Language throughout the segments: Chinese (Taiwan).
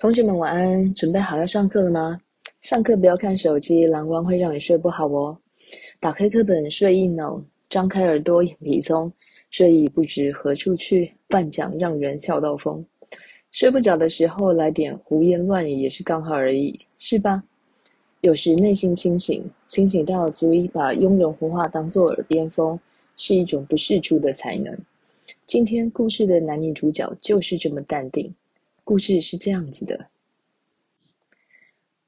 同學們晚安，準備好要上課了嗎？上課不要看手機，藍光會讓你睡不好哦。打開課本睡意濃，張開耳朵眼皮鬆，睡意不知何處去，亂講讓人笑到瘋。睡不着的時候來點胡言亂語也是剛好而已，是吧？有時內心清醒，清醒到足以把庸人胡話當做耳邊風，是一種不世出的才能。今天故事的男女主角就是這麼淡定。故事是這樣子的：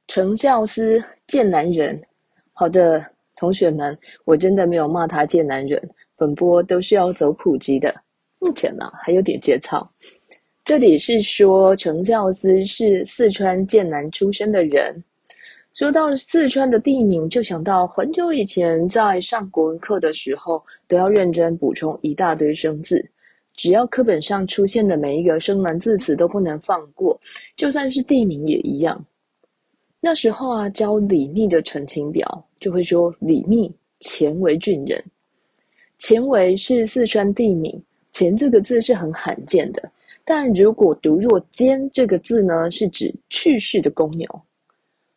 程孝思，劍南人。好的，同學們，我真的沒有罵他“賤男人”。本播都是要走普及的，目前呢、啊、還有點節操。這裡是說，程孝思是四川劍南出生的人。說到四川的地名，就想到很久以前在上國文課的時候，都要認真補充一大堆生字。只要課本上出現的每一個生難字詞都不能放過，就算是地名也一樣。那時候啊，教李密的《陳情表》就會說：“李密，犍為郡人。”犍為是四川地名，“犍”這個字是很罕見的。但如果讀若“犍”這個字呢，是指去世的公牛。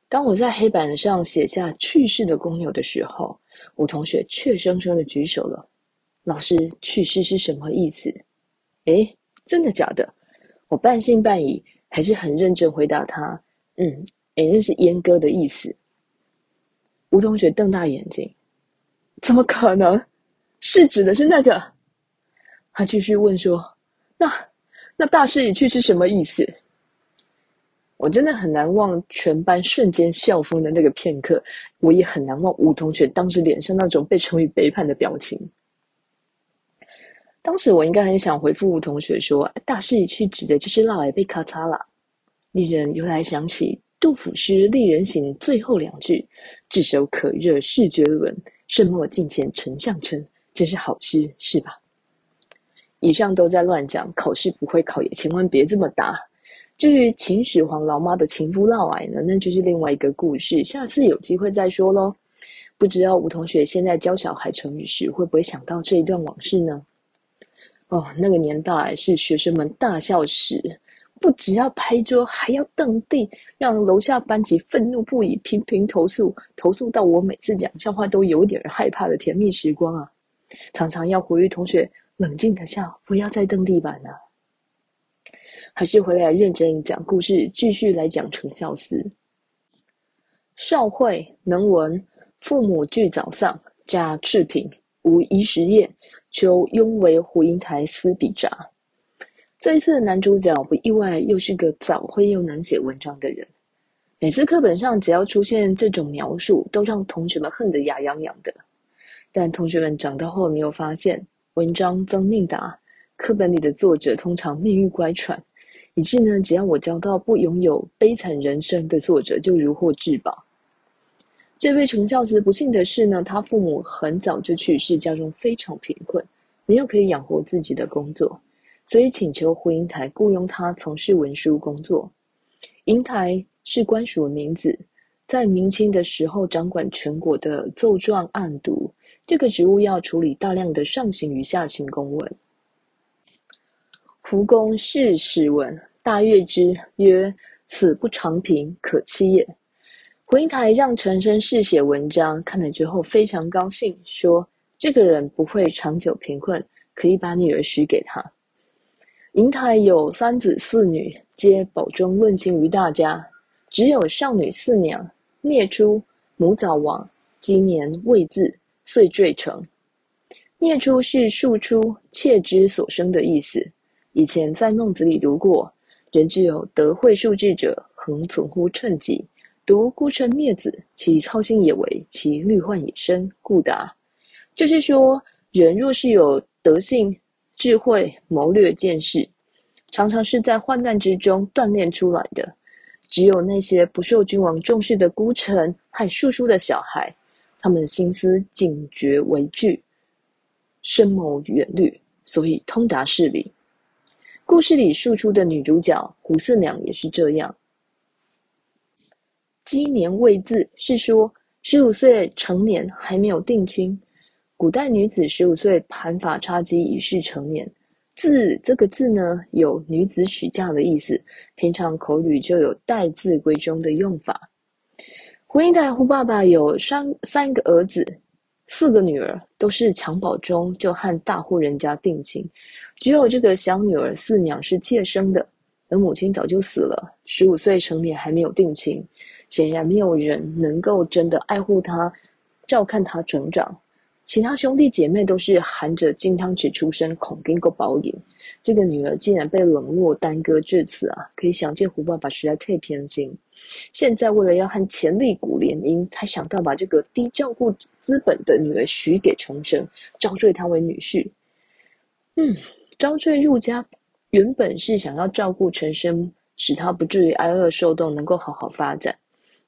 當我在黑板上寫下“去世的公牛”的時候，我同學怯生生的舉手了。老師，去世是什麼意思？誒，真的假的？我半信半疑，還是很認真回答他。嗯，誒，那是閹割的意思。吳同學瞪大眼睛，怎麼可能？是指的是那個？他繼續問說：“那那大勢已去是什麼意思？”我真的很難忘全班瞬間笑瘋的那個片刻，我也很難忘吳同學當時臉上那種被成語背叛的表情。當時我應該很想回復吳同學說、哎：“大勢已去指的就是嫪毐被咔嚓了。”令人又來想起杜甫詩《麗人行》最後兩句：“炙手可熱勢絕倫，慎莫近前丞相嗔。”真是好詩，是吧？以上都在亂講，考試不會考也，千萬別這麼答。至於秦始皇老媽的情夫嫪毐呢，那就是另外一個故事，下次有機會再說嘍。不知道吳同學現在教小孩成語時，會不會想到這一段往事呢？哦，那個年代是學生們大笑時，不只要拍桌，還要蹬地，讓樓下班級憤怒不已，頻頻投訴，投訴到我每次講笑話都有點害怕的甜蜜時光啊！常常要呼籲同學冷靜地笑，不要再蹬地板了、啊。還是回來認真講故事，繼續來講程孝思。少惠能文，父母俱早喪，家赤貧，無衣食業。求傭為胡銀台司筆札。這一次的男主角不意外，又是個早慧又能寫文章的人。每次課本上只要出現這種描述，都讓同學們恨得牙癢癢的。但同學們長大後沒有發現，文章憎命達，課本裡的作者通常命運乖舛，以致呢，只要我教到不擁有悲慘人生的作者，就如獲至寶。這位程孝思不幸的是呢，他父母很早就去世，家中非常貧困，沒有可以養活自己的工作，所以請求胡銀台僱傭他從事文書工作。銀台是官署名字，在明清的時候掌管全國的奏狀案牍，這個職務要處理大量的上行與下行公文。胡公試其文，大悅之，曰：“此不長貧，可妻也。”胡銀台讓陳生試寫文章，看了之後非常高興，說：“這個人不會長久貧困，可以把女兒許給他。”銀台有三子四女，皆保中論親於大家，只有少女四娘孽出母早亡，笄年未字，遂贅成。孽出是庶出妾之所生的意思。以前在《孟子》裡讀過：“人之有德慧術智者，恆存乎疢疾。”獨孤臣孽子，其操心也危，其慮患也深，故達。就是說，人若是有德性、智慧、謀略、見識，常常是在患難之中鍛鍊出來的。只有那些不受君王重視的孤臣和庶出的小孩，他們心思警覺、危懼、深謀遠慮，所以通達事理。故事裡庶出的女主角胡四娘也是這樣。笄年未字，是說十五歲成年還沒有定親。古代女子十五歲盤髮插笄，已是成年。字這個字呢，有女子許嫁的意思。平常口語就有待字閨中的用法。胡銀臺胡爸爸有三三個兒子，四個女兒，都是襁褓中就和大戶人家定親，只有這個小女兒四娘是妾生的，而母親早就死了。十五歲成年還沒有定親。顯然沒有人能夠真的愛護她，照看她成長。其他兄弟姐妹都是含着金湯匙出生，孔經過保養這個女兒竟然被冷落、耽擱至此啊！可以想見，胡爸爸實在太偏心。現在為了要和潛力股聯姻，才想到把這個低照顧資本的女兒許給陳生，招贅他為女婿。嗯，招贅入家原本是想要照顧陳生，使他不至於挨餓受凍，能夠好好發展。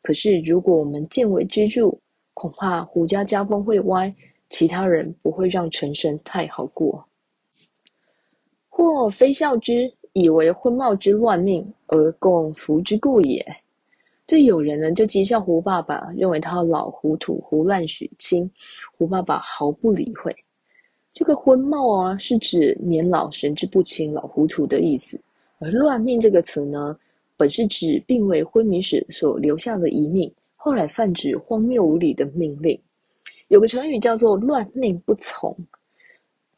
可是，如果我們見微知著，恐怕胡家家風會歪，其他人不會讓程生太好過。或非笑之，以為昏冒之亂命而共福之故也。這有人呢就譏笑胡爸爸，認為他老糊塗、胡亂許親。胡爸爸毫不理會。這個昏冒啊，是指年老神志不清、老糊塗的意思。而亂命這個詞呢？本是指病危昏迷時所留下的遺命，後來泛指荒謬無理的命令。有個成語叫做“亂命不從”。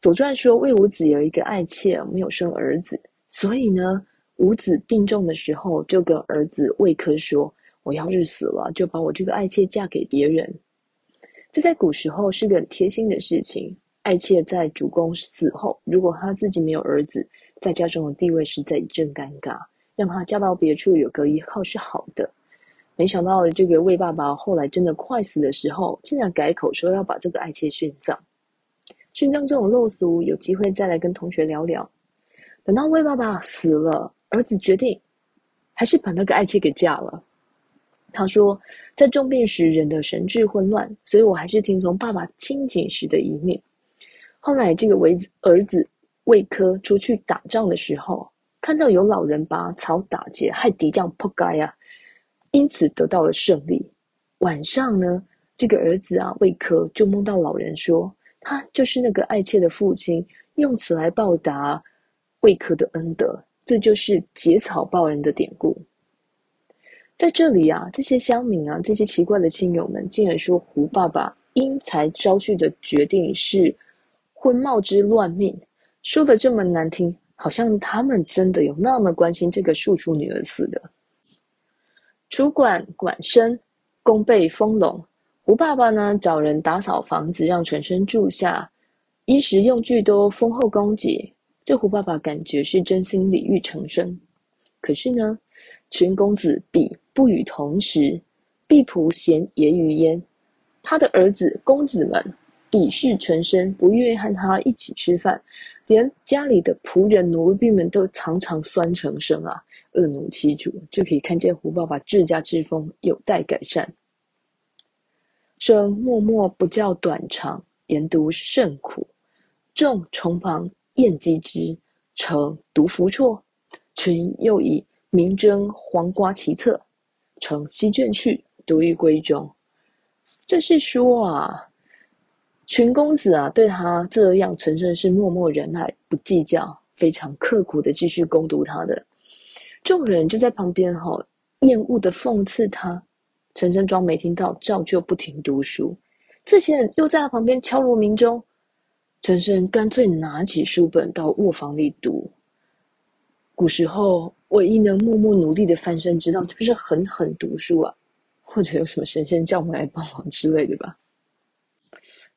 《左傳》說，魏武子有一個愛妾沒有生兒子，所以呢，武子病重的時候就跟兒子魏顆說：“我要是死了，就把我這個愛妾嫁給別人。”這在古時候是個很貼心的事情。愛妾在主公死後，如果他自己沒有兒子，在家中的地位實在一陣尷尬。讓她嫁到別處，有個依靠是好的，沒想到這個魏爸爸後來真的快死的時候，竟然改口說要把這個愛妾殉葬。殉葬這種陋俗，有機會再來跟同學聊聊。等到魏爸爸死了，兒子決定還是把那個愛妾給嫁了。他說，在重病時人的神志混亂，所以我還是聽從爸爸清醒時的遺命。後來這個魏子兒子魏科出去打仗的時候。看到有老人拔草打結，害敵將撲街啊，因此得到了勝利。晚上呢，這個兒子啊，魏顆就夢到老人說，他就是那個愛妾的父親，用此來報答魏顆的恩德。這就是結草報恩的典故。在這裡啊，這些鄉民啊，這些奇怪的親友們，竟然說胡爸爸因才招婿的決定是昏耄之亂命，說的這麼難聽。好像他們真的有那麼關心這個庶出女兒似的。主管管身，供備豐隆。胡爸爸呢，找人打掃房子，讓陳生住下，衣食用具都豐厚供給。這胡爸爸感覺是真心禮遇陳生。可是呢，群公子鄙不與同時，必僕賢也與焉。他的兒子公子們鄙視陳生，不願意和他一起吃飯。連家裡的僕人奴婢們都常常酸成生啊，惡奴欺主，就可以看見胡爸爸治家之風有待改善。生默默不教短長，言讀甚苦，眾從旁厭譏之，成獨弗措，群又以名爭黃瓜奇策，成息卷去，獨欲歸中。」這是說啊。群公子啊，對他這樣，程生是默默忍耐，不計較，非常刻苦的繼續攻讀他的。眾人就在旁邊哈、哦，厭惡的諷刺他，程生裝沒聽到，照舊不停讀書。這些人又在他旁邊敲鑼鳴鐘，程生乾脆拿起書本到臥房裡讀。古時候，唯一能默默努力的翻身之道，就是狠狠讀書啊，或者有什麼神仙叫我們來幫忙之類的吧。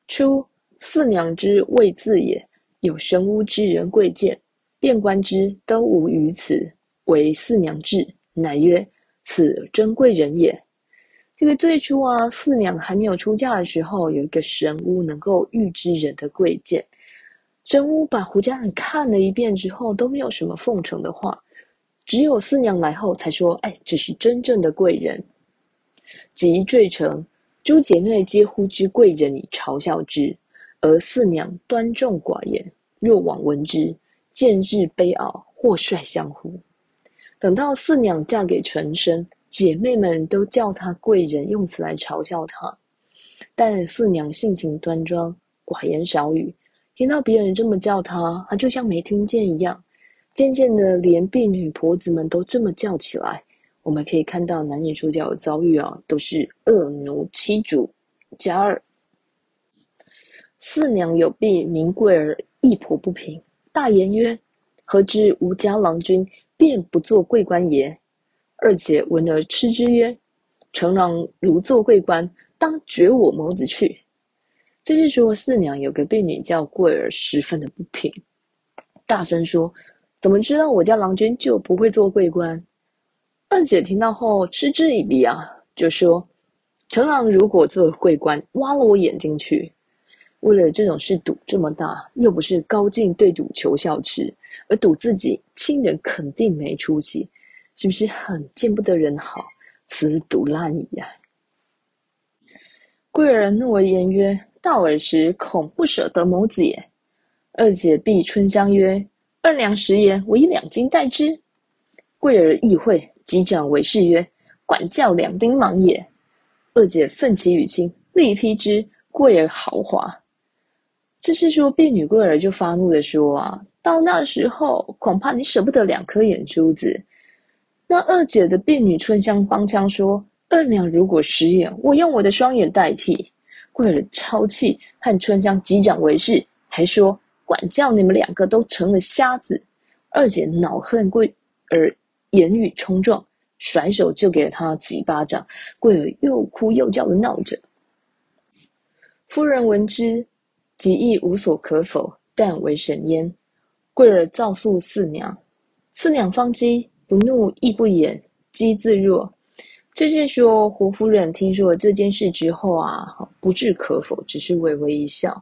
初，四娘之未字也，有神巫知人貴賤，遍觀之，都無於此，唯四娘至，乃曰：“此真貴人也。”這個最初啊，四娘還沒有出嫁的時候，有一個神巫能夠預知人的貴賤。神巫把胡家人看了一遍之後，都沒有什麼奉承的話，只有四娘來後才說：“哎，這是真正的貴人。”即墜成。諸姐妹皆呼之貴人，以嘲笑之；而四娘端重寡言，若罔聞之。見日悲傲，或率相呼。等到四娘嫁給程生，姐妹們都叫她貴人，用此來嘲笑她。但四娘性情端莊，寡言少語，聽到別人這麼叫她，她就像沒聽見一樣。漸漸的，連婢女婆子們都這麼叫起來。我們可以看到男女主角的遭遇啊，都是惡奴欺主。加二。四娘有婢名貴兒，意頗不平，大言曰：“何知吾家郎君便不做貴官也？”二姐聞而嗤之曰：“成郎如做貴官，當絕我眸子去。”這是說四娘有個婢女叫貴兒，十分的不平，大聲說：“怎麼知道我家郎君就不會做貴官？”二姐聽到後嗤之以鼻啊，就說：“程郎如果做貴官，挖了我眼睛去；為了這種事賭這麼大，又不是高進對賭求效慈，而賭自己親人肯定沒出息，是不是很見不得人好？此賭爛矣呀、啊！”貴人怒而言曰：“道爾時恐不舍得眸子也。”二姐逼春相曰：“二娘食言，我以兩金代之。”貴人亦會。擊掌為誓曰：“管教兩丁盲也。”二姐奮起與親，力劈之。貴兒豪華，這是說婢女貴兒就發怒地說：“啊，到那時候恐怕你舍不得兩顆眼珠子。”那二姐的婢女春香幫腔說：“二娘如果食言，我用我的雙眼代替。”貴兒抄氣，和春香擊掌為誓，還說：“管教你們兩個都成了瞎子。”二姐惱恨貴兒。言語衝撞，甩手就給了他幾巴掌。貴兒又哭又叫地鬧着。夫人聞之，即亦無所可否，但微哂焉。貴兒告訴四娘，四娘方績不怒亦不言，績自若。這是說胡夫人聽說了這件事之後啊，不置可否，只是微微一笑。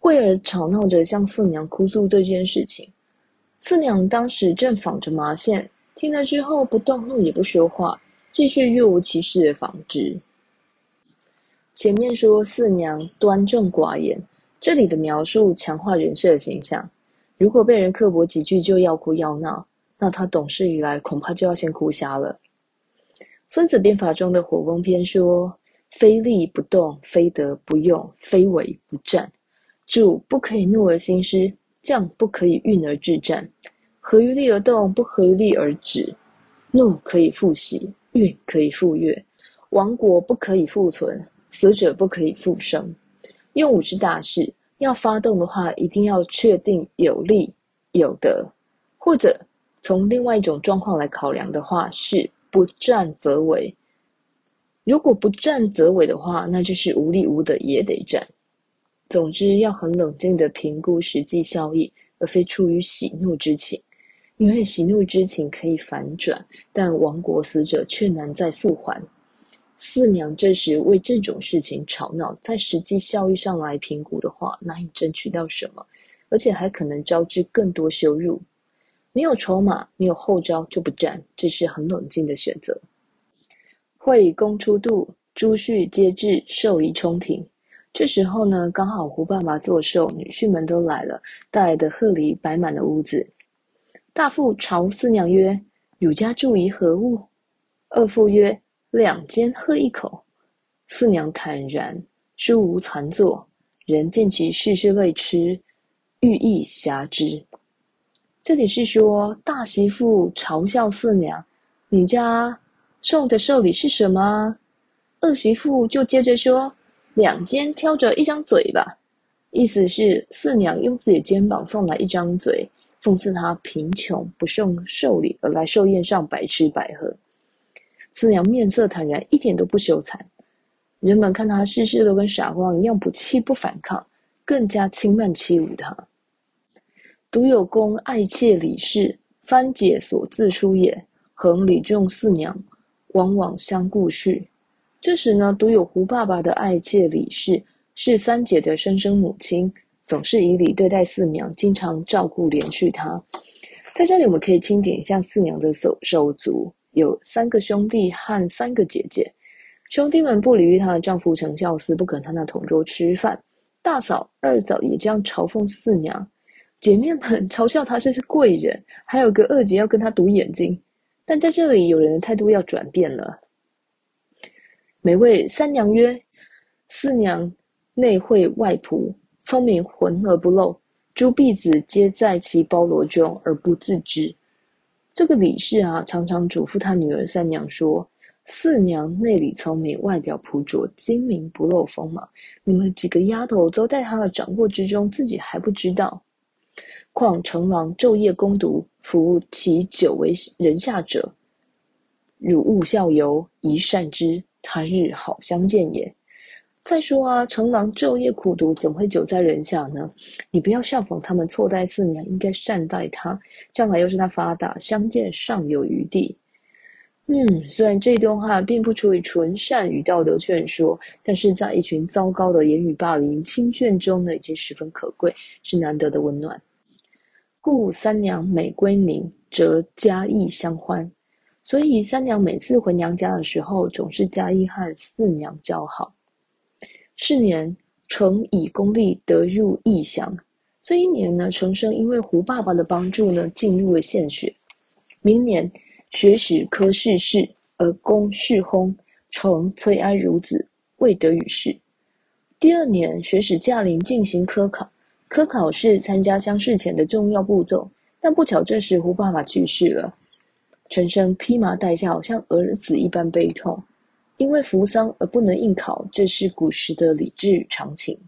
貴兒吵鬧着向四娘哭訴這件事情。四娘當時正紡着麻線。聽了之後不動怒也不說話，繼續若無其事的紡織。前面說四娘端正寡言，這裡的描述強化人設的形象。如果被人刻薄幾句就要哭要鬧，那她懂事以來恐怕就要先哭瞎了。孫子兵法中的火攻篇說：“非利不動，非得不用，非為不戰。主不可以怒而興師，將不可以慍而致戰。”合於利而動，不合於利而止。怒可以復喜，慍可以復悅，亡國不可以復存，死者不可以復生。用武之大事，要發動的話，一定要確定有利有得，或者從另外一種狀況來考量的話，是不戰則危。如果不戰則危的話，那就是無利無德也得戰。總之，要很冷靜的評估實際效益，而非出於喜怒之情。因為喜怒之情可以反轉，但亡國死者卻難再復還。四娘這時為這種事情吵鬧，在實際效益上來評估的話，難以爭取到什麼，而且還可能招致更多羞辱。沒有籌碼，沒有後招，就不戰，這是很冷靜的選擇。會公初度，諸婿皆至，壽儀充庭。這時候呢，剛好胡爸爸做壽，女婿們都來了，帶來的賀禮擺滿了屋子。大婦嘲四娘曰：“汝家祝儀何物？”二婦曰：“兩肩荷一口。”四娘坦然，殊無慚怍。人見其事事類癡，欲意瑕之。這裡是說大媳婦嘲笑四娘：“你家送的壽禮是什麼？”二媳婦就接着說：“兩肩挑着一張嘴吧。”意思是四娘用自己的肩膀送來一張嘴。諷刺他貧窮不送壽禮，而來壽宴上白吃白喝。四娘面色坦然，一點都不羞慚。人們看他事事都跟傻瓜一樣，不氣不反抗，更加輕慢欺侮他。獨有公愛妾李氏，三姐所自出也，恆禮重四娘，往往相顧敘。這時呢，獨有胡爸爸的愛妾李氏是三姐的生身母親。總是以禮對待四娘，經常照顧憐恤她。在這裡，我們可以清點一下四娘的手手足，有三個兄弟和三個姐姐。兄弟們不禮遇她的丈夫程孝思，不肯她那同桌吃飯；大嫂、二嫂也這樣嘲諷四娘；姐妹們嘲笑她是，是貴人，還有個二姐要跟她賭眼睛。但在這裡，有人的態度要轉變了。每位三娘曰：“四娘內慧外樸。”聰明渾而不露，諸婢子皆在其包羅中而不自知。這個李氏啊，常常囑咐他女兒三娘說：“四娘內裡聰明，外表樸拙，精明不露鋒芒。你們幾個丫頭都在他的掌握之中，自己還不知道。況成王晝夜攻讀，服其久為人下者，汝勿效尤，宜善之。他日好相見也。”再說啊，成郎晝夜苦讀，怎麼會久在人下呢？你不要效仿他們錯待四娘，應該善待他。將來要是他發達，相見尚有餘地。嗯，雖然這段話並不出於純善與道德勸說，但是在一群糟糕的言語霸凌親眷中呢，已經十分可貴，是難得的溫暖。故三娘每歸寧，則嘉義相歡。所以三娘每次回娘家的時候，總是嘉義和四娘交好。是年，程以公力得入邑庠。這一年呢，程生因為胡爸爸的幫助呢，進入了縣學。明年，學使科試士，而公適薨，程催哀如子，未得與試。第二年，學使駕臨進行科考。科考是參加鄉試前的重要步驟，但不巧這時胡爸爸去世了。程生披麻戴孝，像兒子一般悲痛。因為扶喪而不能應考，這是古時的禮制與常情。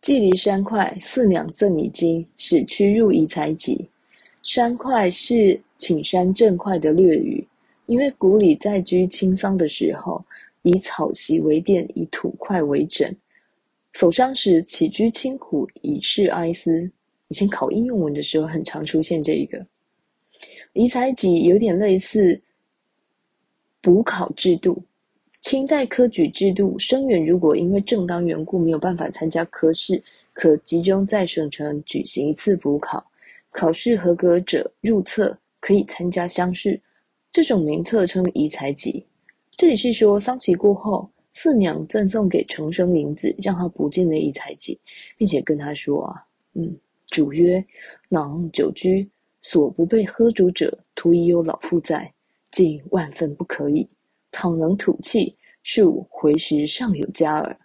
既離苫塊，四娘贈以金，使屈入遺才籍。苫塊是寢苫枕塊的略語，因為古禮在居清喪的時候，以草席為墊，以土塊為枕。守喪時起居清苦，以示哀思。以前考應用文的時候，很常出現這一個。遺才籍有點類似補考制度。清代科舉制度，生員如果因為正當緣故沒有辦法參加科試，可集中在省城舉行一次補考。考試合格者入冊，可以參加鄉試。這種名冊稱“遺才籍”。這裡是說喪期過後，四娘贈送給程生銀子，讓他不進的遺才籍，並且跟他說：“啊，嗯，主曰：‘郎久居所不被呵逐者，徒以有老父在，近萬分不可以。’”倘能吐氣，庶回時尚有家耳。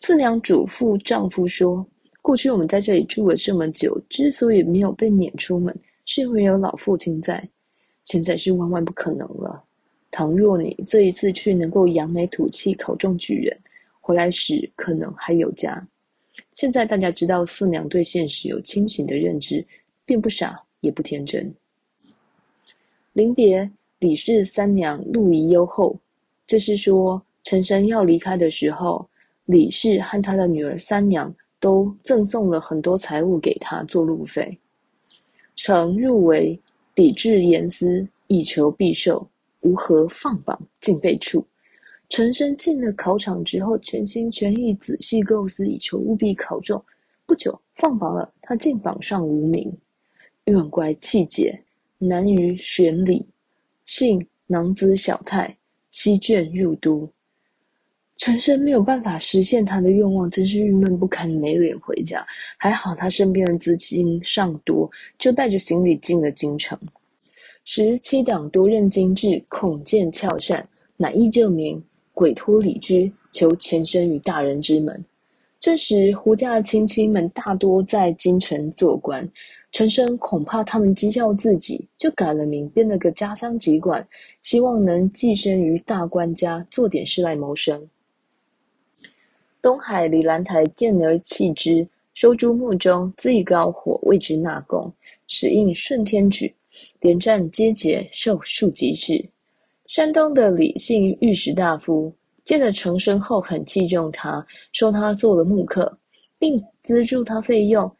四娘囑咐丈夫說：“過去我們在這裡住了這麼久，之所以沒有被攆出門，是因為有老父親在。現在是萬萬不可能了。倘若你這一次去能夠揚眉吐氣，考中舉人，回來時可能還有家。”現在大家知道四娘對現實有清醒的認知，並不傻，也不天真。臨別。李氏三娘路遺優厚，這是說，陳生要離開的時候，李氏和他的女兒三娘都贈送了很多財物給他做路費。程入闈，砥志研思，以求必售，無何放榜，竟被黜。陳生進了考場之後，全心全意、仔細構思，以求務必考中。不久放榜了，他竟榜上無名，怨乖氣結，難於旋裡。幸囊資小泰，西卷入都。程生沒有辦法實現他的願望，真是鬱悶不堪，沒臉回家。還好他身邊的資金尚多，就帶着行李進了京城。十七黨多任精制，恐見俏善，乃一救名，鬼托里居，求前身與大人之門。這時，胡家的親戚們大多在京城做官，程生恐怕他們譏笑自己，就改了名，編了個家鄉籍貫，希望能躋身於大官家，做點事來謀生。東海李蘭台見而器之，收諸幕中，資以高火，為之納貢，使應順天舉，連戰皆捷，受庶吉士。山東的李姓御史大夫，見了程生後，很器重他，收他做了幕客，並資助他費用，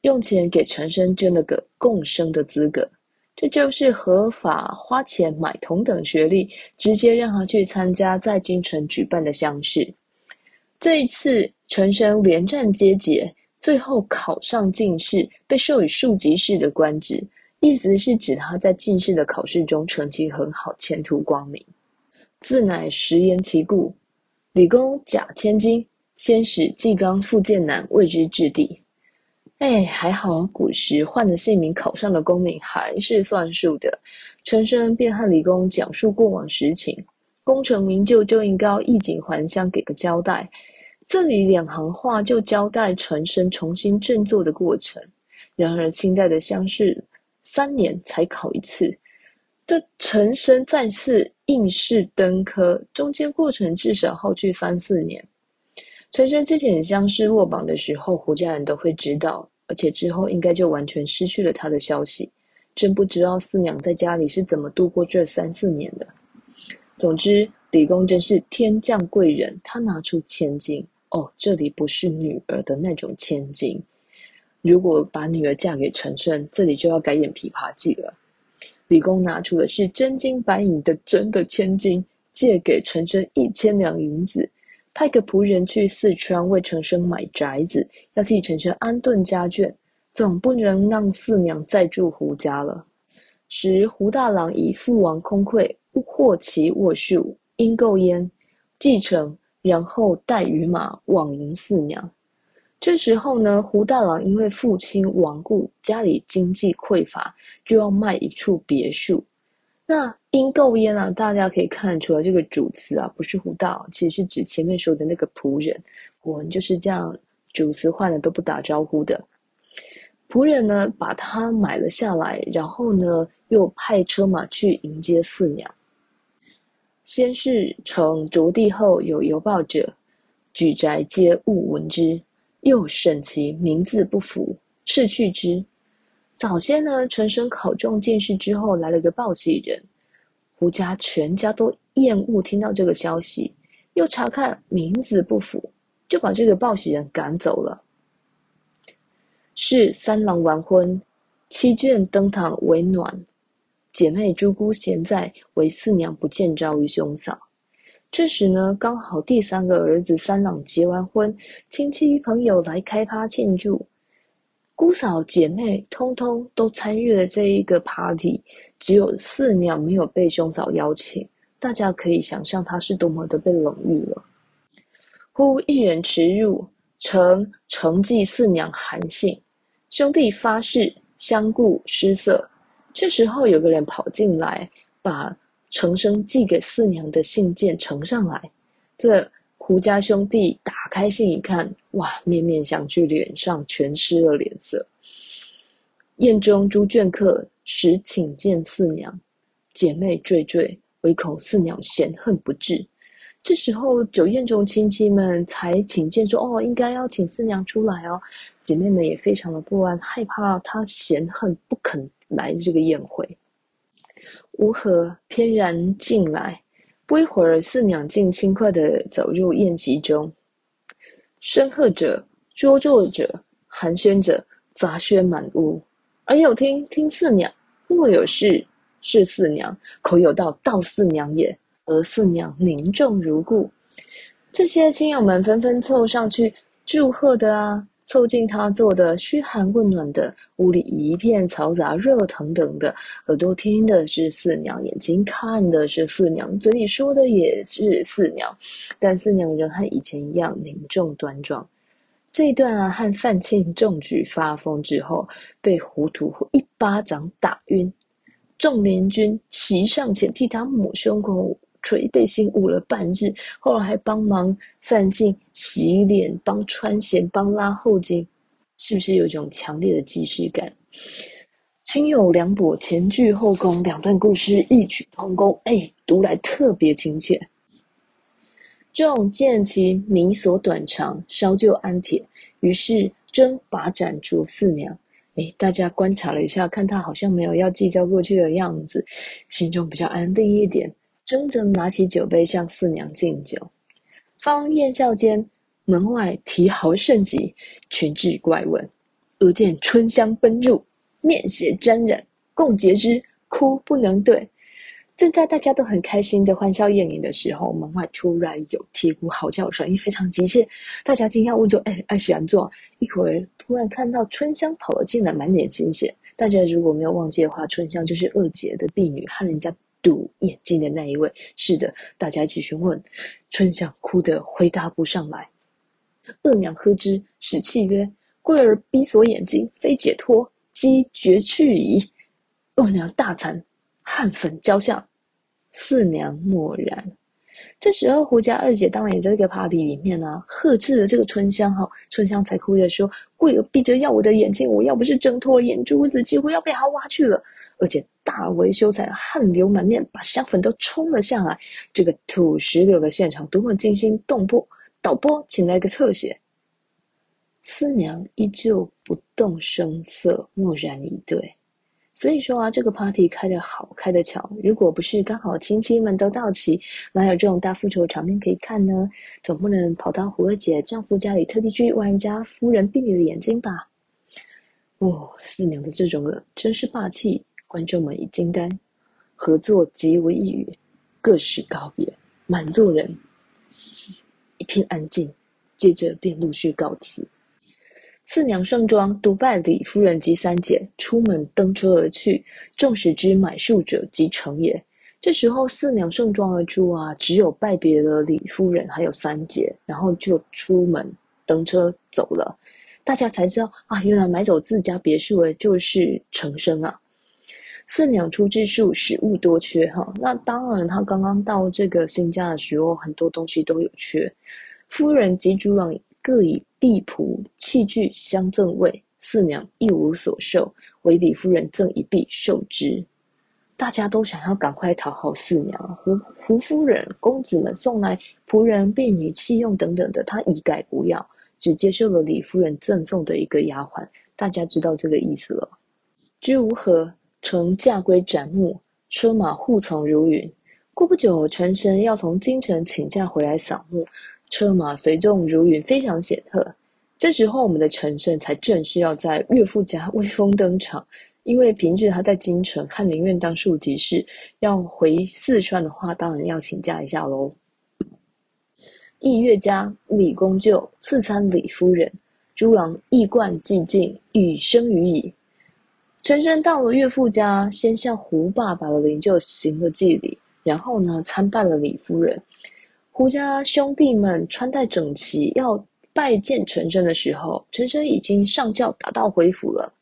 用錢給程生捐了個貢生的資格。這就是合法花錢買同等學歷，直接讓他去參加在京城舉辦的鄉試。這一次，程生連戰皆捷，最後考上進士，被授予庶吉士的官職，意思是指他在進士的考試中成績很好，前途光明。自乃實言其故，李公假千金，先使紀綱復建南，為之置地。哎，還好古時換了姓名考上的功名還是算數的。陳升便和李公講述過往實情，功成名就就應該衣錦還鄉，給個交代。這裡兩行話就交代陳升重新振作的過程。然而清代的鄉試三年才考一次，這陳升再次。應試登科，中間過程至少耗去三四年。陳生之前鄉試落榜的時候，胡家人都會知道，而且之後應該就完全失去了他的消息。真不知道四娘在家裡是怎麼度過這三四年的。總之，李公真是天降貴人，他拿出千金。哦，這裡不是女兒的那種千金。如果把女兒嫁給陳生，這裡就要改演《琵琶記》了。李公拿出的是真金白銀的真的千金，借給陳生一千兩銀子，派個僕人去四川為陳生買宅子，要替陳生安頓家眷，總不能讓四娘再住胡家了。時胡大郎以父亡空匱，獲其臥室，因購焉，既成，然後帶輿馬，往迎四娘。這時候呢，胡大郎因為父親亡故，家裡經濟匱乏，就要賣一處別墅。那因購焉呢？大家可以看出來，這個主詞啊，不是胡大郎，其實是指前面說的那個僕人。古文就是這樣，主詞換了都不打招呼的。僕人呢，把他買了下來，然後呢，又派車馬去迎接四娘。先是乘着地後有郵報者，舉宅皆勿聞之。又審其名字不符，斥去之。早先呢，程生考中進士之後，來了個報喜人，胡家全家都厭惡聽到這個消息，又查看名字不符，就把這個報喜人趕走了。是三郎完婚，妻眷登堂為暖，姐妹諸姑賢在，唯四娘不見招於兄嫂。這時呢，剛好第三個兒子三郎結完婚，親戚朋友來開趴慶祝，姑嫂姐妹通通都參與了這一個 party，只有四娘沒有被兄嫂邀請。大家可以想象他是多麼的被冷遇了。忽一人馳入，呈成，成績四娘韓信，兄弟發誓，相顧失色。這時候有個人跑進來，把。程生寄給四娘的信件呈上來，這胡家兄弟打開信一看，哇，面面相覷，臉上全失了臉色。宴中諸眷客始請見四娘，姐妹惴惴，唯恐四娘嫌恨不至。這時候酒宴中親戚們才請見說，哦，應該要請四娘出來哦。姐妹們也非常的不安，害怕她嫌恨不肯來這個宴會。無何，翩然進來。不一會兒，四娘竟輕快地走入宴席中，深賀者、捉坐者、寒暄者，雜喧滿屋。而有聽聽四娘，若有事，是四娘；口有道，道四娘也。而四娘凝重如故。這些親友們紛紛湊上去祝賀的啊。湊近他坐的，噓寒問暖的，屋裡一片嘈雜，熱騰騰的，耳朵聽的是四娘，眼睛看的是四娘，嘴裡說的也是四娘，但四娘仍和以前一樣凝重端莊。這一段啊，和范進中舉發瘋之後被胡屠戶一巴掌打暈，眾鄰居齊上前替他抹胸口。捶背心捂了半日，後來還幫忙范進洗臉，幫穿鞋，幫拉後襟，是不是有一種強烈的既視感？親友兩伯，前倨後恭，兩段故事異曲同工，哎，讀來特別親切。眾見其明所短長，稍就安帖，於是爭把盞助四娘。哎，大家觀察了一下，看他好像沒有要計較過去的樣子，心中比較安定一點。整整拿起酒杯向四娘敬酒，方宴笑間，門外啼嚎甚急。群至怪問，俄見春香奔入，面血沾染，共詰之，哭不能對。正在大家都很開心的歡笑宴飲的時候，門外突然有啼哭嚎叫聲，音非常急切。大家驚訝問說：“哎，愛喜歡做？”一會兒突然看到春香跑了進來，滿臉驚險。大家如果沒有忘記的話，春香就是二姐的婢女，和人家。眼睛的那一位，是的，大家一起詢問，春香哭得回答不上來。二娘呵之，始泣曰：“貴兒逼索眼睛，非解脫，即絕去矣。”二娘大慚，汗粉交下。四娘默然。這時候，胡家二姐當然也在這個 party 裡,裡面呢、啊，呵斥了這個春香哈，春香才哭着說：“貴兒逼着要我的眼睛，我要不是掙脫，眼珠子幾乎要被他挖去了。”而且……」大為羞慚，汗流滿面，把香粉都沖了下來。這個土石流的現場多麼驚心動魄！導播請來一個特寫，四娘依舊不動聲色，默然以對。所以說啊，這個 party 開得好，開得巧。如果不是剛好親戚們都到齊，哪有這種大復仇場面可以看呢？總不能跑到胡二姐丈夫家裡特地去，萬家夫人閉的眼睛吧？哦，四娘的這種人真是霸氣！觀眾們已驚呆，合作極無一語，各是告別，滿座人一片安靜，接着便陸續告辭。四娘盛裝獨拜李夫人及三姐，出門登車而去。眾始知買第者即成也。這時候，四娘盛裝而出啊，只有拜別了李夫人還有三姐，然後就出門登車走了。大家才知道啊，原來買走自家別墅的、欸，就是成生啊。四娘出之數，食物多缺。哈、哦。那當然，他剛剛到這個新家的時候，很多東西都有缺。夫人及主人各以婢僕器具相贈位，四娘一無所受，唯李夫人贈一婢受之。大家都想要趕快討好四娘，胡胡夫人、公子們送來僕人、婢女器用等等的，他一概不要，只接受了李夫人贈送的一個丫鬟。大家知道這個意思了，知無何？乘駕歸展墓，車馬扈從如雲。過不久，程生要從京城請假回來掃墓，車馬隨眾如雲，非常顯赫。這時候，我們的程生才正式要在岳父家威風登場。因為平日他在京城翰林院當庶吉士，要回四川的話，當然要請假一下嘍。義岳家李公就四川李夫人，諸郎一冠既進，慾生於矣。陳生到了岳父家，先向胡爸爸的靈柩行了祭禮，然後呢，參拜了李夫人。胡家兄弟們穿戴整齊，要拜見陳生的時候，陳生已經上轎打道回府了。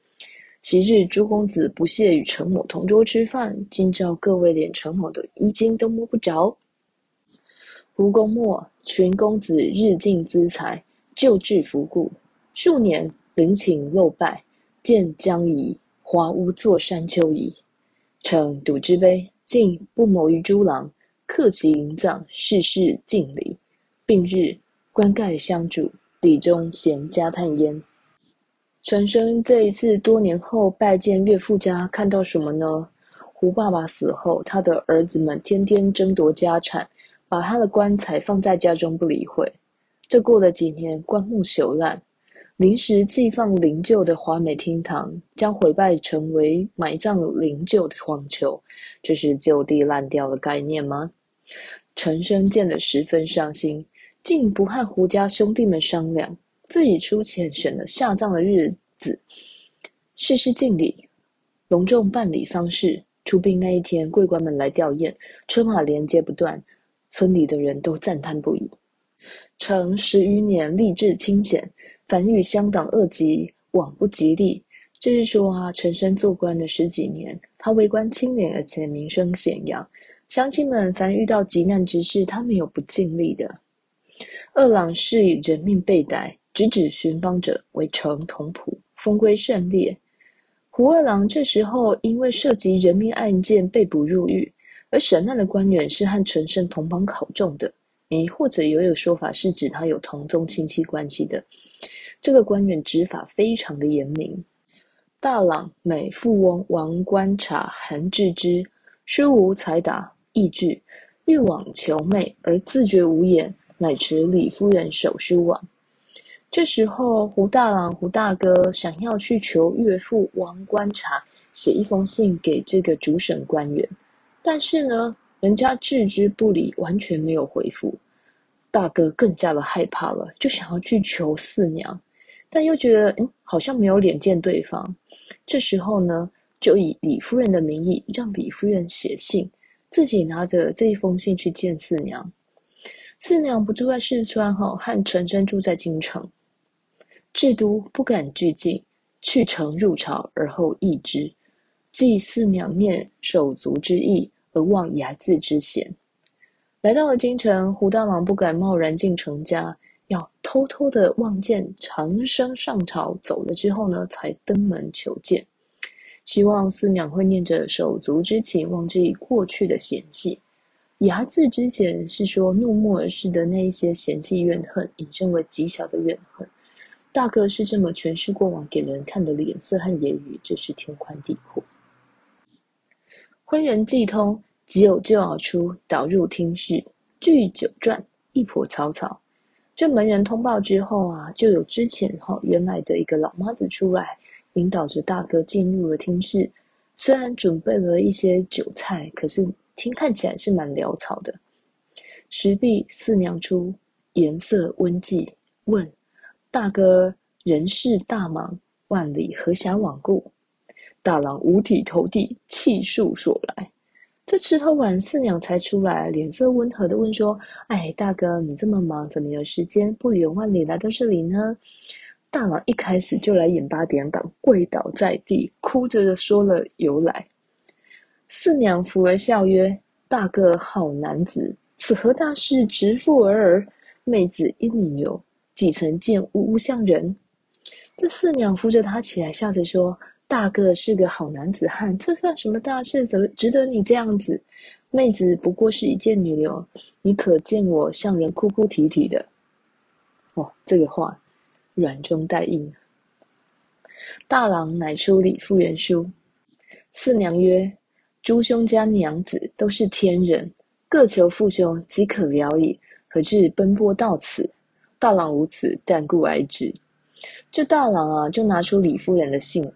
昔日諸公子不屑與陳某同桌吃飯，今朝各位連陳某的衣襟都摸不着。胡公末，群公子日進資財，舊制弗顧，數年陵寢漏敗，見將疑。華屋坐山丘矣，逞賭之碑，竟不謀於諸郎。克其營葬，事事盡禮。並日棺蓋相主，李忠賢家探焉。陳生這一次多年後拜見岳父家，看到什麼呢？胡爸爸死後，他的兒子們天天爭奪家產，把他的棺材放在家中不理會。這過了幾年，棺木朽爛。臨時寄放靈柩的華美廳堂，將毀敗成為埋葬靈柩的荒丘，這是就地爛掉的概念嗎？陳生見得十分傷心，竟不和胡家兄弟們商量，自己出錢選了下葬的日子，事事敬禮，隆重辦理喪事。出殯那一天，貴官們來弔唁，車馬連接不斷，村裡的人都讚歎不已。陳十餘年勵志清閒。凡遇鄉黨惡疾，罔不竭力。這是說啊，程生做官的十幾年，他為官清廉而且名聲顯揚，鄉親們凡遇到急難之事，他們有不盡力的。二郎是以人命被逮，直指巡方者為程同譜，風規甚烈。胡二郎這時候因為涉及人命案件被捕入獄，而審案的官員是和程生同榜考中的，誒，或者有有說法是指他有同宗親戚關係的。這個官員執法非常的嚴明。大郎美富翁王觀察函致之書無才達意志，志欲往求妹而自覺無顏，乃持李夫人手書往。這時候，胡大郎胡大哥想要去求岳父王觀察寫一封信給這個主審官員，但是呢，人家置之不理，完全沒有回復。大哥更加的害怕了，就想要去求四娘。但又覺得，嗯，好像沒有臉見對方。這時候呢，就以李夫人的名義讓李夫人寫信，自己拿着這一封信去見四娘。四娘不住在四川，哈、哦，和程真住在京城。至都不敢拒進，去城入朝而後議之。既四娘念手足之義，而忘睚眥之嫌。來到了京城，胡大郎不敢貿然進程家。要偷偷的望見長生上朝走了之後呢，才登門求見，希望四娘會念着手足之情，忘記過去的嫌隙。牙字之前是說怒目而視的那一些嫌棄怨恨，引申為極小的怨恨。大哥是這麼詮釋過往給人看的臉色和言語，這是天寬地闊。昏人既通，即有救而出，導入聽室，聚酒傳，一婆草草。這門人通報之後啊，就有之前哈原來的一個老媽子出來，引導着大哥進入了廳室。雖然準備了一些酒菜，可是廳看起來是蠻潦草的。食畢四娘出，顏色溫霽，問大哥人事大忙，萬里何暇枉顧？大郎五體投地，泣訴所來。這時候晚，四娘才出來，臉色溫和的問說：“哎，大哥，你這麼忙，怎麼有時間不遠萬里來到這裡呢？”大郎一開始就來引發顛倒，跪倒在地，哭着的說了由來。四娘扶而笑曰：“大哥，好男子，此何大事，直赴爾爾？妹子一女牛，幾曾見嗚嗚像人？”這四娘扶着他起來，笑着說。大哥是個好男子漢，這算什麼大事？怎麼值得你這樣子？妹子不過是一介女流，你可見我向人哭哭啼啼的？哦，這個話軟中帶硬。大郎乃出李夫人書，四娘曰：“諸兄家娘子都是天人，各求父兄即可了矣，何至奔波到此？”大郎無此，但顧而之。這大郎啊，就拿出李夫人的信了。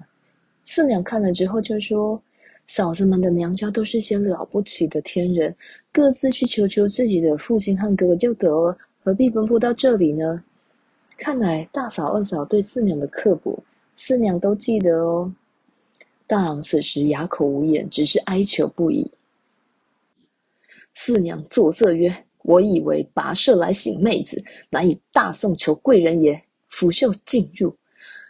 四娘看了之後就說：“嫂子們的娘家都是些了不起的天人，各自去求求自己的父親和哥哥就得了，何必奔波到這裡呢？”看來大嫂、二嫂對四娘的刻薄，四娘都記得哦。大郎此時啞口無言，只是哀求不已。四娘作色曰：“我以為跋涉來尋妹子，來以大宋求貴人也。”拂袖進入。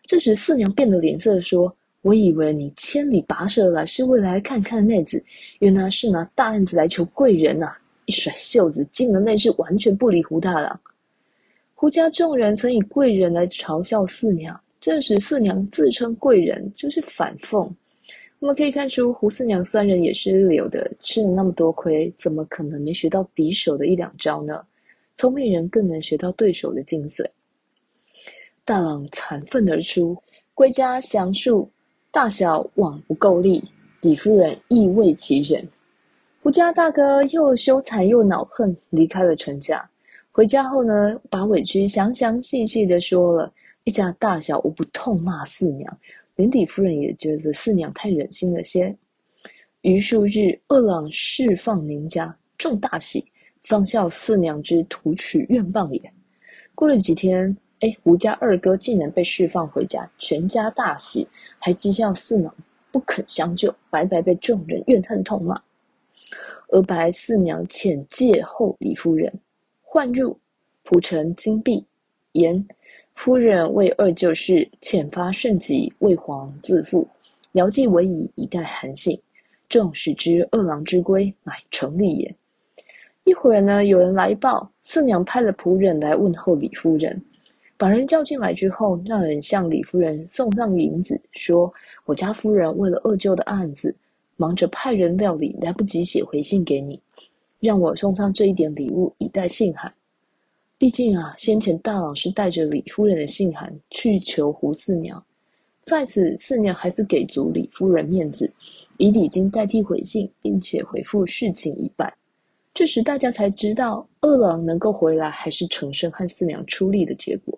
這時四娘變了臉色說。我以為你千里跋涉來是為來看看妹子，原來是拿大案子來求貴人啊！一甩袖子進了內室，完全不理胡大郎。胡家眾人曾以貴人來嘲笑四娘，這時四娘自稱貴人，就是反諷。我們可以看出，胡四娘算人也是溜的，吃了那麼多虧，怎麼可能沒學到敵手的一兩招呢？聰明人更能學到對手的精髓。大郎慘憤而出，歸家詳述。大小罔不夠力，李夫人亦未其忍。胡家大哥又羞慚又惱恨，離開了程家。回家後呢，把委屈詳詳細細的說了，一家大小無不痛罵四娘。連李夫人也覺得四娘太忍心了些。於數日，二郎釋放林家，眾大喜，方笑四娘之徒取怨謗也。過了幾天。哎，胡家二哥竟然被釋放回家，全家大喜，還譏笑四娘不肯相救，白白被眾人怨恨痛罵。而白四娘遣介候李夫人，喚入，鋪陳金幣，言：“夫人為二舅事遣發甚急，未遑自負，聊寄文以以待韓信。”眾使之二郎之歸乃成立也。一會兒呢，有人來報，四娘派了僕人來問候李夫人。把人叫進來之後，讓人向李夫人送上銀子，說：“我家夫人為了二舅的案子，忙着派人料理，來不及寫回信給你，讓我送上這一點禮物，以代信函。畢竟啊，先前大郎是帶着李夫人的信函去求胡四娘，在此四娘還是給足李夫人面子，以禮金代替回信，並且回復事情已辦。這時大家才知道，二郎能夠回來，還是程生和四娘出力的結果。”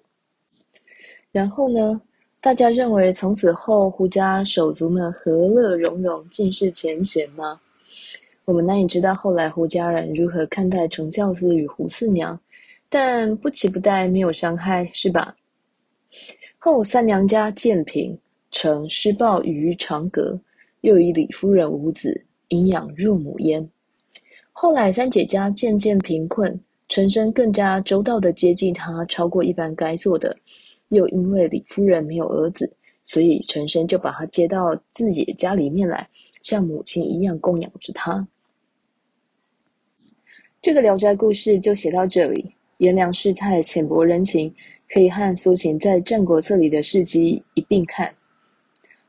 然後呢，大家認為從此後胡家手足們和樂融融，盡釋前嫌嗎？我們難以知道後來胡家人如何看待程孝思與胡四娘，但不期不待，沒有傷害，是吧？後三娘家漸貧，程施報逾常格，又以李夫人無子，迎養如母焉。後來三姐家漸漸貧困，程生更加周到的接濟她，超過一般該做的。又因為李夫人沒有兒子，所以陳升就把他接到自己的家裡面來，像母親一樣供養着他。這個《聊齋》故事就寫到這裡。炎涼世態淺薄人情，可以和蘇秦在《戰國策》裡的事跡一併看。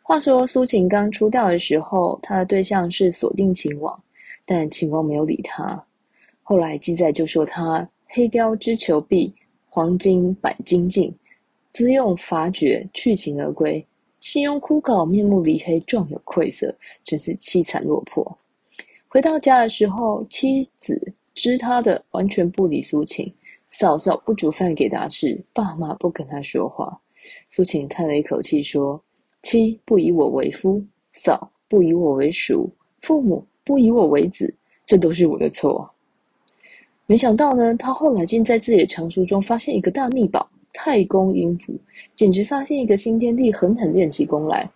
話說蘇秦剛出道的時候，他的對象是鎖定秦王，但秦王沒有理他。後來記載就說他“黑貂之裘弊，黃金百斤盡資用乏絕，去秦而歸。形容枯槁，面目黧黑，狀有愧色，真是淒慘落魄。回到家的時候，妻子知他的完全不理蘇秦，嫂嫂不煮飯給他吃，爸媽不跟他說話。蘇秦嘆了一口氣說：“妻不以我為夫，嫂不以我為叔，父母不以我為子，這都是我的錯。”沒想到呢，他後來竟在自己的藏書中發現一個大秘寶。太公陰符，簡直發現一個新天地，狠狠練起功來。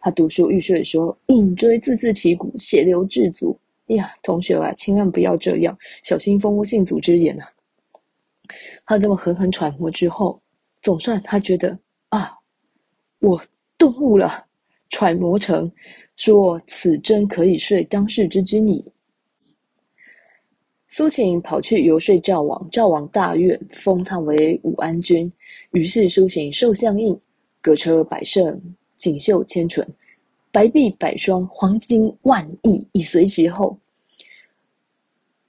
他讀書欲睡，說引錐自刺其股，血流至足。哎呀，同學啊，千萬不要這樣，小心蜂窩性組織炎啊！他這麼狠狠揣摩之後，總算他覺得啊，我頓悟了，揣摩成說，此真可以說當世之君矣。蘇秦跑去遊說趙王，趙王大悅，封他為武安君。於是蘇秦受相印，革車百乘，錦繡千純，白璧百雙，黃金萬億，以隨其後。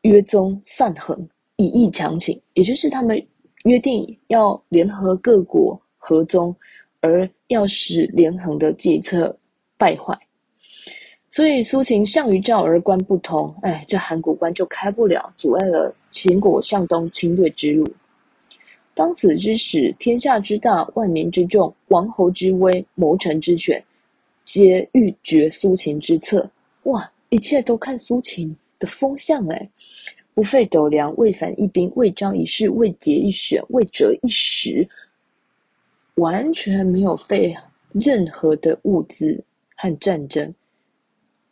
約從散橫以抑強秦，也就是他們約定要聯合各國合縱，而要使連橫的計策敗壞。所以蘇秦相於趙而關不通，哎，這函谷關就開不了，阻礙了秦國向東侵略之路。當此之時，天下之大，萬民之眾，王侯之威，謀臣之選，皆欲絕蘇秦之策。哇，一切都看蘇秦的風向哎、欸！不費斗糧，未煩一兵，未張一事，未結一選，未折一時，完全沒有費任何的物資和戰爭。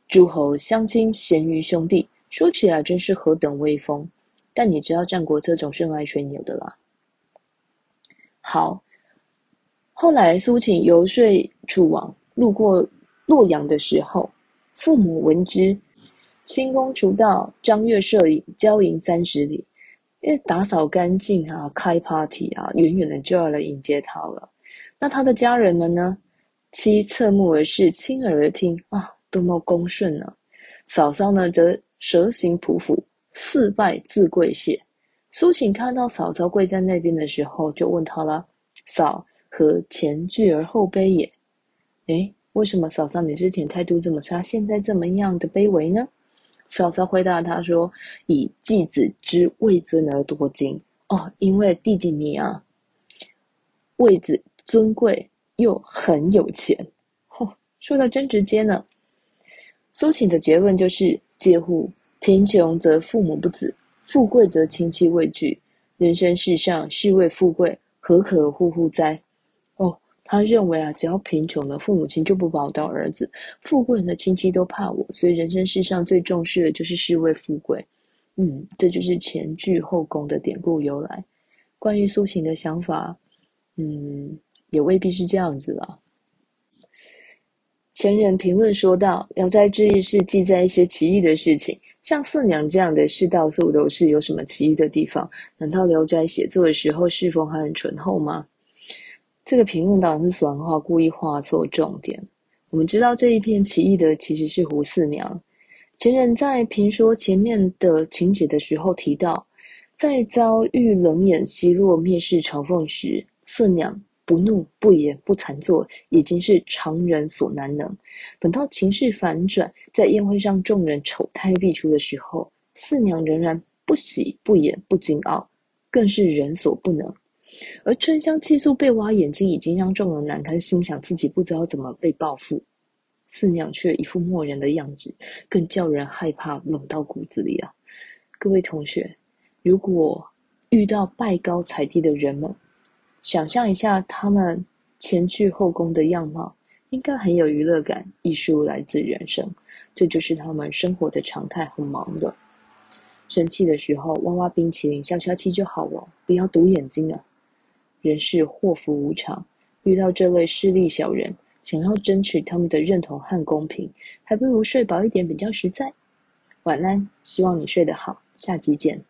諸侯相親，賢於兄弟，說起來真是何等威風！但你知道《戰國策》總是愛吹牛的啦。好，後來蘇秦游說楚王，路過洛陽的時候，父母聞之，清宮除道，張樂設飲，郊迎三十里，因為打掃乾淨啊，開 party 啊，遠遠的就要來迎接他了。那他的家人們呢？妻側目而視，傾耳而,而聽啊。多麼恭順呢、啊？嫂嫂呢，則蛇行匍匐，四拜自跪謝。蘇秦看到嫂嫂跪在那邊的時候，就問他了：“嫂，何前倨而後卑也？”哎，為什麼嫂嫂你之前態度這麼差，現在這麼樣的卑微呢？嫂嫂回答他說：“以季子之位尊而多金。”哦，因為弟弟你啊，位子尊貴又很有錢。嚯、哦，說的真直接呢。蘇秦的結論就是：嗟乎，貧窮則父母不子，富貴則親戚畏懼。人生世上，是為富貴，何可忽忽哉？哦，他認為啊，只要貧窮了，父母親就不把我當兒子；富貴的親戚都怕我。所以，人生世上最重視的就是是為富貴。嗯，這就是前倨後恭的典故由來。關於蘇秦的想法，嗯，也未必是這樣子了。前人評論說道，《聊齋誌異》是記載一些奇異的事情，像四娘這樣的事，到處都是，有什麼奇異的地方？難道聊齋寫作的時候，世風還很淳厚嗎？這個評論當然是酸話，故意畫錯重點。我們知道這一篇奇異的其實是胡四娘。前人在評說前面的情節的時候提到，在遭遇冷眼奚落、蔑視嘲諷時，四娘。不怒不言不慚怍，已經是常人所難能。等到情勢反轉，在宴會上眾人醜態畢出的時候，四娘仍然不喜不言不矜傲，更是人所不能。而春香氣素被挖眼睛，已經讓眾人難堪，心想自己不知道怎麼被報復。四娘卻一副漠然的樣子，更叫人害怕，冷到骨子裡啊！各位同學，如果遇到拜高踩低的人們，想象一下他們前去後宮的樣貌，應該很有娛樂感。藝術來自人生，這就是他們生活的常態，很忙的。生氣的時候挖挖冰淇淋，消消氣就好了哦。不要堵眼睛啊！人世禍福無常，遇到這類勢利小人，想要爭取他們的認同和公平，還不如睡飽一點比較實在。晚安，希望你睡得好，下集見。